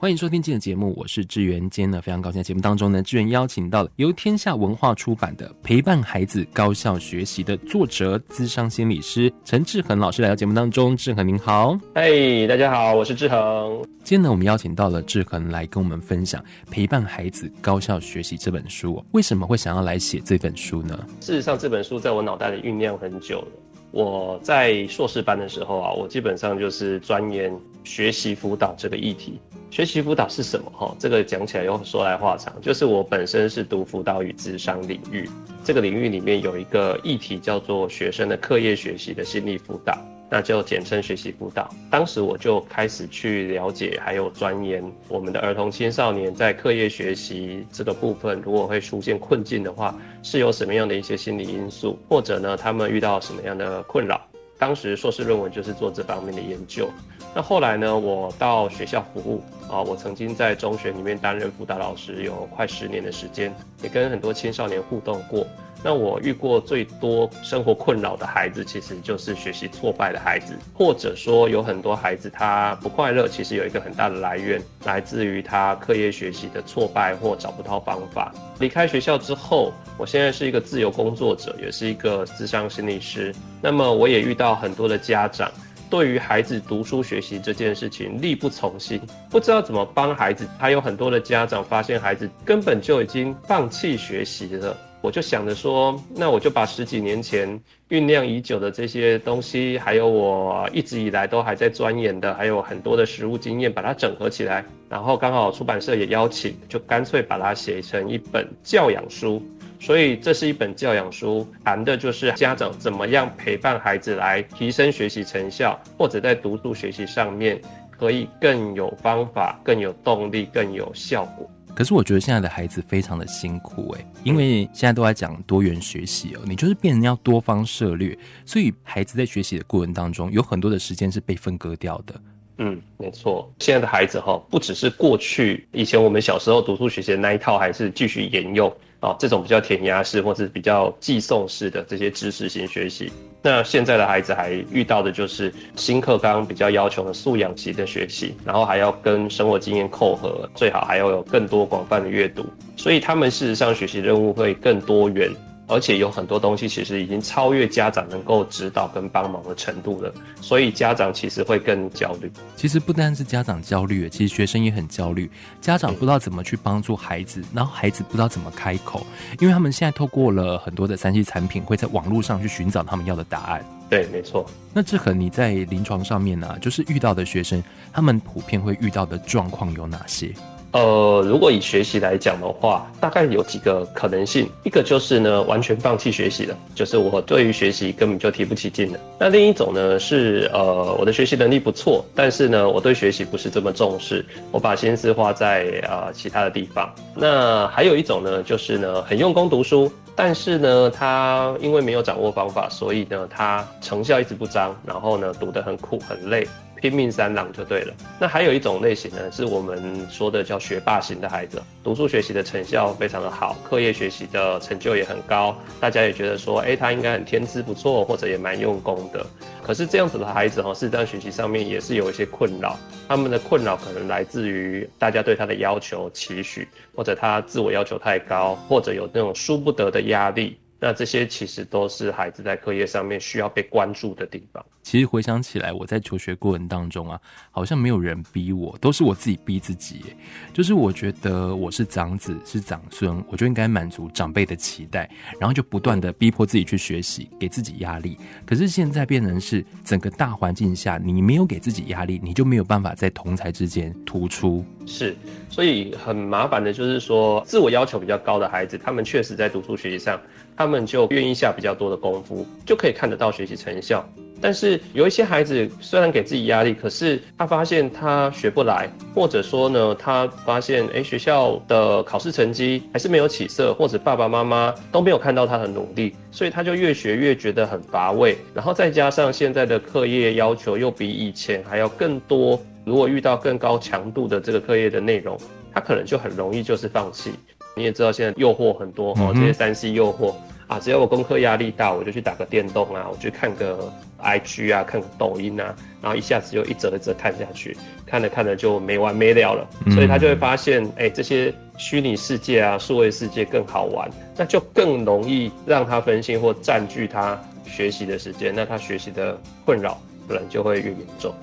歡迎收聽今天的節目，我是志源，今天呢，非常高興在節目當中呢，志源邀請到了由天下文化出版的《陪伴孩子高效學習》的作者、諮商心理師陳志恆老師來到節目當中。志恆，您好。嗨、Hey,，大家好，我是志恆。今天呢，我們邀請到了志恆來跟我們分享《陪伴孩子高效學習》這本書。為什麼會想要來寫這本書呢？事實上，這本書在我腦袋裡醞釀很久了。我在碩士班的時候啊，我基本上就是鑽研學習輔導這個議題。學習輔導是什麼？哈，這個講起來又說來話長。就是我本身是讀輔導與諮商領域，這個領域裡面有一個議題叫做學生的課業學習的心理輔導，那就簡稱學習輔導。當時我就開始去了解，還有鑽研我們的兒童青少年在課業學習這個部分，如果會出現困境的話，是有什麼樣的一些心理因素，或者呢，他們遇到什麼樣的困擾？當時碩士論文就是做這方面的研究，那後來呢，我到學校服務啊、呃，我曾經在中學裡面擔任輔導老師，有快十年的時間，也跟很多青少年互動過。那我遇過最多生活困擾的孩子，其實就是學習挫敗的孩子，或者說有很多孩子他不快樂，其實有一個很大的來源，來自於他課業學習的挫敗或找不到方法。離開學校之後，我現在是一個自由工作者，也是一個諮商心理師。那麼我也遇到很多的家長，對於孩子讀書學習這件事情力不從心，不知道怎麼幫孩子。還有很多的家長發現孩子根本就已經放棄學習了。我就想着說，那我就把十幾年前醞釀已久的這些東西，還有我一直以來都還在鑽研的，還有很多的實務經驗，把它整合起來。然後剛好出版社也邀請，就乾脆把它寫成一本教養書。所以，這是一本教養書，談的就是家長怎麼樣陪伴孩子來提升學習成效，或者在讀書學習上面可以更有方法、更有動力、更有效果。可是，我覺得現在的孩子非常的辛苦哎，因為現在都在講多元學習哦，你就是變成要多方涉略，所以孩子在學習的過程當中，有很多的時間是被分割掉的。嗯，沒錯。現在的孩子哈，不只是過去以前我們小時候讀書學習的那一套，還是繼續沿用啊、哦。這種比較填鴨式或是比較記誦式的這些知識型學習，那現在的孩子還遇到的就是新課綱比較要求的素養型的學習，然後還要跟生活經驗扣合，最好還要有更多廣泛的閱讀。所以他們事實上學習任務會更多元。而且有很多東西其實已經超越家長能夠指導跟幫忙的程度了，所以家長其實會更焦慮。其實不單是家長焦慮，其實學生也很焦慮。家長不知道怎麼去幫助孩子，然後孩子不知道怎麼開口，因為他們現在透過了很多的三 C 產品，會在網絡上去尋找他們要的答案。對，沒錯。那志恆你在臨床上面呢、啊，就是遇到的學生，他們普遍會遇到的狀況有哪些？呃，如果以學習來講的話，大概有幾個可能性。一個就是呢，完全放棄學習了，就是我對於學習根本就提不起勁了。那另一種呢是，呃，我的學習能力不錯，但是呢，我對學習不是這麼重視，我把心思花在呃其他的地方。那還有一種呢，就是呢，很用功讀書，但是呢，他因為沒有掌握方法，所以呢，他成效一直不彰，然後呢，讀得很苦很累。拼命三郎就對了。那還有一種類型呢，是我們說的叫學霸型的孩子，讀書學習的成效非常的好，課業學習的成就也很高，大家也覺得說，哎，他應該很天資不錯，或者也蠻用功的。可是這樣子的孩子哈、哦，事實上學習上面也是有一些困擾，他們的困擾可能來自於大家對他的要求期許，或者他自我要求太高，或者有那種輸不得的壓力。那這些其實都是孩子在課業上面需要被關注的地方。其實回想起來，我在求學過程當中啊，好像沒有人逼我，都是我自己逼自己。就是我覺得我是長子，是長孫，我就應該滿足長輩的期待，然後就不斷的逼迫自己去學習，給自己壓力。可是現在變成是整個大環境下，你沒有給自己壓力，你就沒有辦法在同儕之間突出。是，所以很麻煩的，就是說，自我要求比較高的孩子，他們確實在讀書學習上，他們就願意下比較多的功夫，就可以看得到學習成效。但是有一些孩子雖然給自己壓力，可是他發現他學不來，或者說呢，他發現誒、欸，學校的考試成績還是沒有起色，或者爸爸媽媽都沒有看到他很努力，所以他就越學越覺得很乏味。然後再加上現在的課業要求又比以前還要更多，如果遇到更高強度的這個課業的內容，他可能就很容易就是放棄。你也知道現在誘惑很多哦，這些三 C 誘惑。嗯啊，只要我功課壓力大，我就去打個電動啊，我去看個 IG 啊，看個抖音啊，然後一下子就一折一折看下去，看了看了就沒完沒了了。嗯。所以他就會發現，哎、欸，這些虛擬世界啊、數位世界更好玩，那就更容易讓他分心或占據他學習的時間，那他學習的困擾可能就會越嚴重。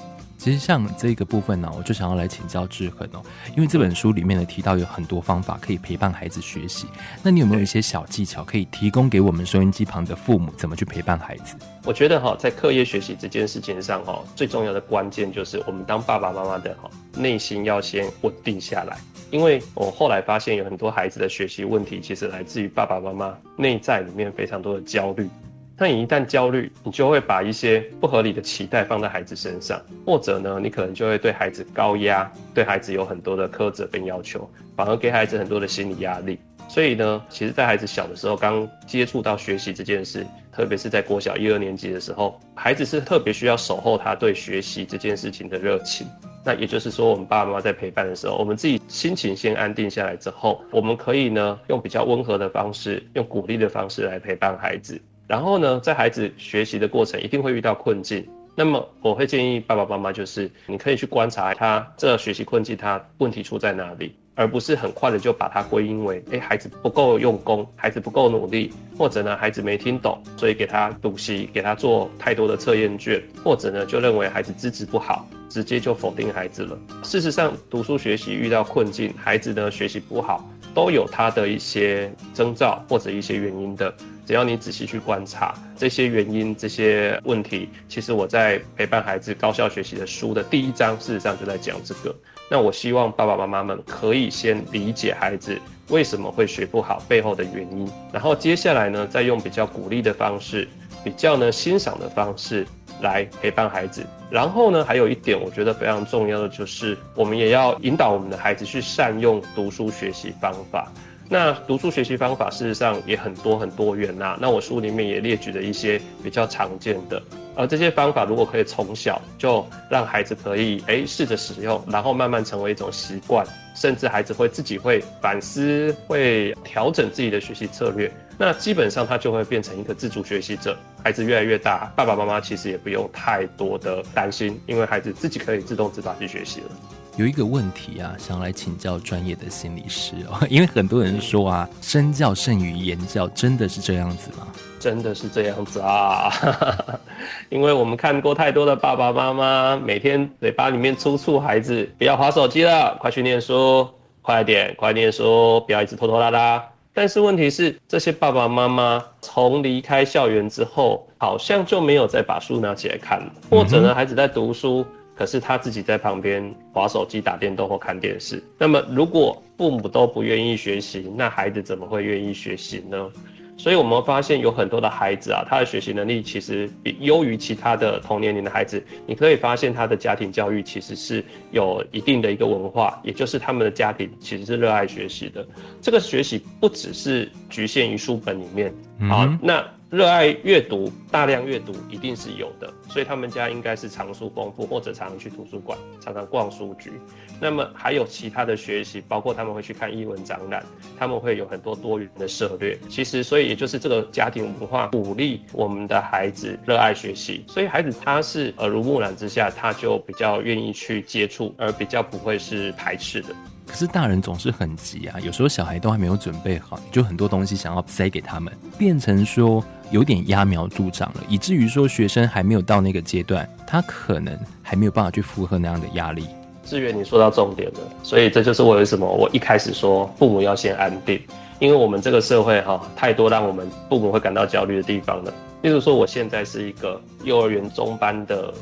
其實像這個部分呢、啊，我就想要來請教志恆哦，因為這本書裡面呢，提到有很多方法可以陪伴孩子學習，那你有沒有一些小技巧可以提供給我們收音機旁的父母，怎麼去陪伴孩子？我覺得哈、哦，在課業學習這件事情上哈、哦，最重要的關鍵就是我們當爸爸媽媽的哈、哦，內心要先穩定下來，因為我後來發現有很多孩子的學習問題，其實來自於爸爸媽媽內在裡面非常多的焦慮。那你一旦焦慮，你就會把一些不合理的期待放在孩子身上，或者呢，你可能就會對孩子高壓，對孩子有很多的苛責跟要求，反而給孩子很多的心理壓力。所以呢，其實，在孩子小的時候，剛接觸到學習這件事，特別是在國小一二年級的時候，孩子是特別需要守候他對學習這件事情的熱情。那也就是說，我們爸爸媽媽在陪伴的時候，我們自己心情先安定下來之後，我們可以呢，用比較溫和的方式，用鼓勵的方式來陪伴孩子。然後呢，在孩子學習的過程，一定會遇到困境。那麼，我會建議爸爸媽媽，就是你可以去觀察他這學習困境，他問題出在哪裡，而不是很快的就把它歸因為：哎，孩子不夠用功，孩子不夠努力，或者呢，孩子沒聽懂，所以給他補習，給他做太多的測驗卷，或者呢，就認為孩子資質不好，直接就否定孩子了。事實上，讀書學習遇到困境，孩子呢，學習不好，都有他的一些徵兆或者一些原因的。只要你仔細去觀察這些原因，這些問題，其實我在陪伴孩子高效學習的書的第一章，事實上就在講這個。那我希望爸爸媽媽們可以先理解孩子為什麼會學不好背後的原因，然後接下來呢，再用比較鼓勵的方式，比較呢欣賞的方式來陪伴孩子。然後呢，還有一點我覺得非常重要的就是，我們也要引導我們的孩子去善用讀書學習方法。那讀書學習方法事實上也很多很多元吶、啊。那我書裡面也列舉了一些比較常見的。而這些方法如果可以從小就讓孩子可以誒試着使用，然後慢慢成為一種習慣，甚至孩子會自己會反思、會調整自己的學習策略。那基本上他就會變成一個自主學習者。孩子越來越大，爸爸媽媽其實也不用太多的擔心，因為孩子自己可以自動自發去學習了。有一個問題啊，想來請教專業的心理師哦，因為很多人說啊，嗯、身教勝於言教，真的是這樣子嗎？真的是這樣子啊哈哈，因為我們看過太多的爸爸媽媽，每天嘴巴裡面催促孩子不要滑手機了，快去念書，快點，快念書，不要一直拖拖拉拉。但是問題是，這些爸爸媽媽從離開校園之後，好像就沒有再把書拿起來看了，或者呢，孩子在讀書。嗯可是他自己在旁邊玩手機、打電動或看電視。那麼，如果父母都不願意學習，那孩子怎麼會願意學習呢？所以，我們發現有很多的孩子啊，他的學習能力其實優於其他的同年齡的孩子。你可以發現他的家庭教育其實是有一定的一個文化，也就是他們的家庭其實是熱愛學習的。這個學習不只是局限於書本裡面，好，那。熱愛閱讀，大量閱讀一定是有的，所以他們家應該是藏書豐富，或者常常去圖書館，常常逛書局。那麼還有其他的學習，包括他們會去看藝文展覽，他們會有很多多元的涉略獵。其實，所以也就是這個家庭文化鼓勵我們的孩子熱愛學習，所以孩子他是耳濡目染之下，他就比較願意去接觸，而比較不會是排斥的。可是大人總是很急啊，有時候小孩都還沒有準備好，就很多東西想要塞給他們，變成說有點揠苗助長了，以至於說學生還沒有到那個階段，他可能還沒有辦法去負荷那樣的壓力。志遠，你說到重點了，所以這就是為什麼我一開始說父母要先安定，因為我們這個社會哈，太多讓我們父母會感到焦慮的地方了。例如說，我現在是一個幼兒園中班的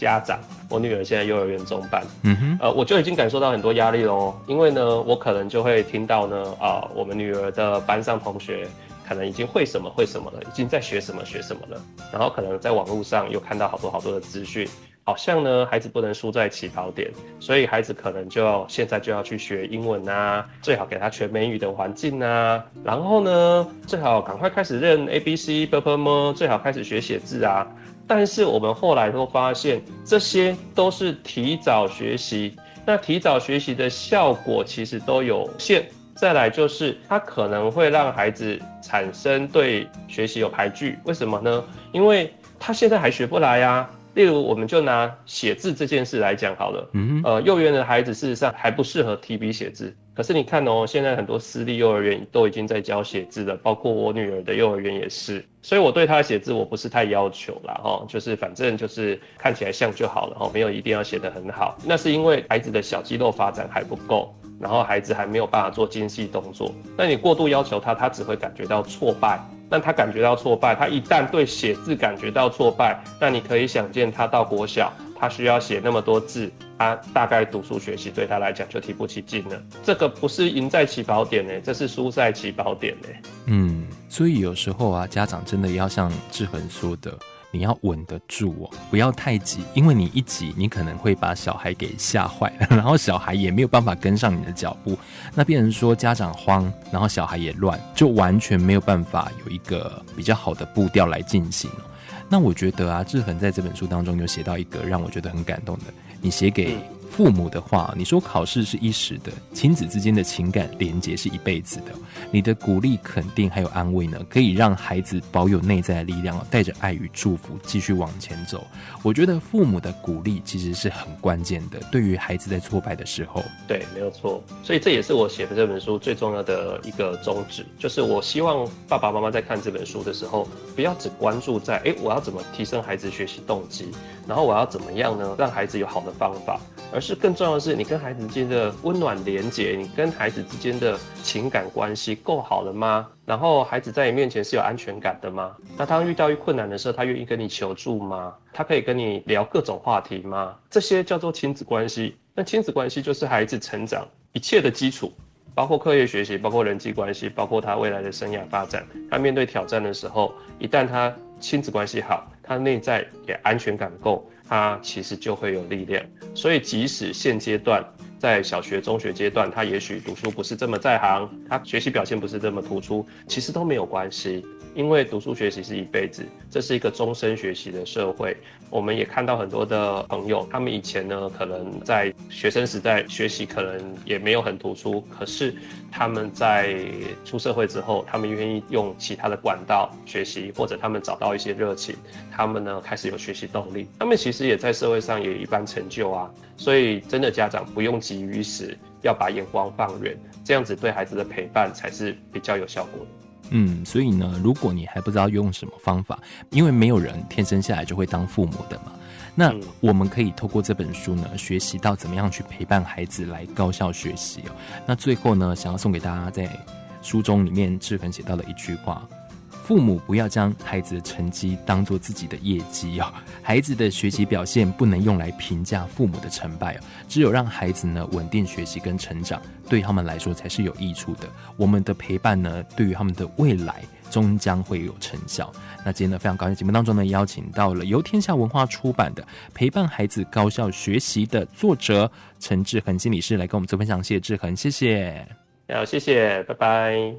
家長，我女兒現在幼兒園中班，嗯哼，呃，我就已經感受到很多壓力咯，因為呢，我可能就會聽到呢，啊、呃，我們女兒的班上同學可能已經會什麼會什麼了，已經在學什麼學什麼了，然後可能在網絡上又看到好多好多的資訊，好像呢，孩子不能輸在起跑點，所以孩子可能就現在就要去學英文啊，最好給他全美語的環境啊，然後呢，最好趕快開始認 A B C，ㄅㄆㄇ，最好開始學寫字啊。但是我們後來都發現，這些都是提早學習。那提早學習的效果其實都有限。再來就是，它可能會讓孩子產生對學習有排拒。為什麼呢？因為他現在還學不來呀、啊。例如，我們就拿寫字這件事來講好了。嗯。呃，幼兒園的孩子事實上還不適合提筆寫字。可是你看哦，現在很多私立幼兒園都已經在教寫字了，包括我女兒的幼兒園也是，所以我對她寫字我不是太要求啦哈，就是反正就是看起來像就好了哈，沒有一定要寫得很好。那是因為孩子的小肌肉發展還不夠，然後孩子還沒有辦法做精細動作，那你過度要求他，他只會感覺到挫敗。那他感覺到挫敗，他一旦對寫字感覺到挫敗，那你可以想見他到國小。他需要寫那麼多字，他大概讀書學習對他來講就提不起勁了。這個不是贏在起跑點呢，這是輸在起跑點呢。嗯，所以有時候啊，家長真的要像志恆說的，你要穩得住哦，不要太急，因為你一急，你可能會把小孩給嚇壞了，然後小孩也沒有辦法跟上你的腳步。那變成說家長慌，然後小孩也亂，就完全沒有辦法有一個比較好的步調來進行哦。那我覺得啊，志恆在這本書當中有寫到一個讓我覺得很感動的，你寫給父母的話，你說考試是一時的，親子之間的情感連結是一輩子的。你的鼓勵、肯定還有安慰呢，可以讓孩子保有內在的力量，帶着愛與祝福繼續往前走。我覺得父母的鼓勵其實是很關鍵的，對於孩子在挫敗的時候，對，沒有錯。所以這也是我寫的這本書最重要的一個宗旨，就是我希望爸爸媽媽在看這本書的時候，不要只關注在哎，我要怎麼提升孩子學習動機，然後我要怎麼樣呢，讓孩子有好的方法。可是更重要的，是你跟孩子之間的溫暖連接，你跟孩子之間的情感關係夠好了嗎？然後孩子在你面前是有安全感的嗎？那他遇到一困難的時候，他願意跟你求助嗎？他可以跟你聊各種話題嗎？這些叫做親子關係。那親子關係就是孩子成長一切的基礎，包括課業學習，包括人際關係，包括他未來的生涯發展。他面對挑戰的時候，一旦他親子關係好，他內在也安全感夠。他其實就會有力量，所以即使現階段。在小學、中學階段，他也許讀書不是這麼在行，他學習表現不是這麼突出，其實都沒有關係，因為讀書學習是一輩子，這是一個終身學習的社會。我們也看到很多的朋友，他們以前呢，可能在學生時代學習可能也沒有很突出，可是他們在出社會之後，他們願意用其他的管道學習，或者他們找到一些熱情，他們呢開始有學習動力，他們其實也在社會上也有一番成就啊。所以真的家長不用。急於時，要把眼光放遠，這樣子對孩子的陪伴才是比較有效果的。嗯，所以呢，如果你還不知道用什麼方法，因為沒有人天生下來就會當父母的嘛，那我們可以透過這本書呢，學習到怎麼樣去陪伴孩子來高效學習哦。那最後呢，想要送給大家，在書中裡面志恆寫到了一句話。父母不要將孩子的成績當做自己的業績哦，孩子的學習表現不能用來評價父母的成敗哦。只有讓孩子呢，穩定學習跟成長，對他們來說才是有益處的。我們的陪伴呢，對於他們的未來終將會有成效。那今天呢，非常高興節目當中呢，邀請到了由天下文化出版的《陪伴孩子高效學習》的作者陳志恆心理師來跟我們做分享。謝謝志恆，謝謝。好，謝謝，拜拜。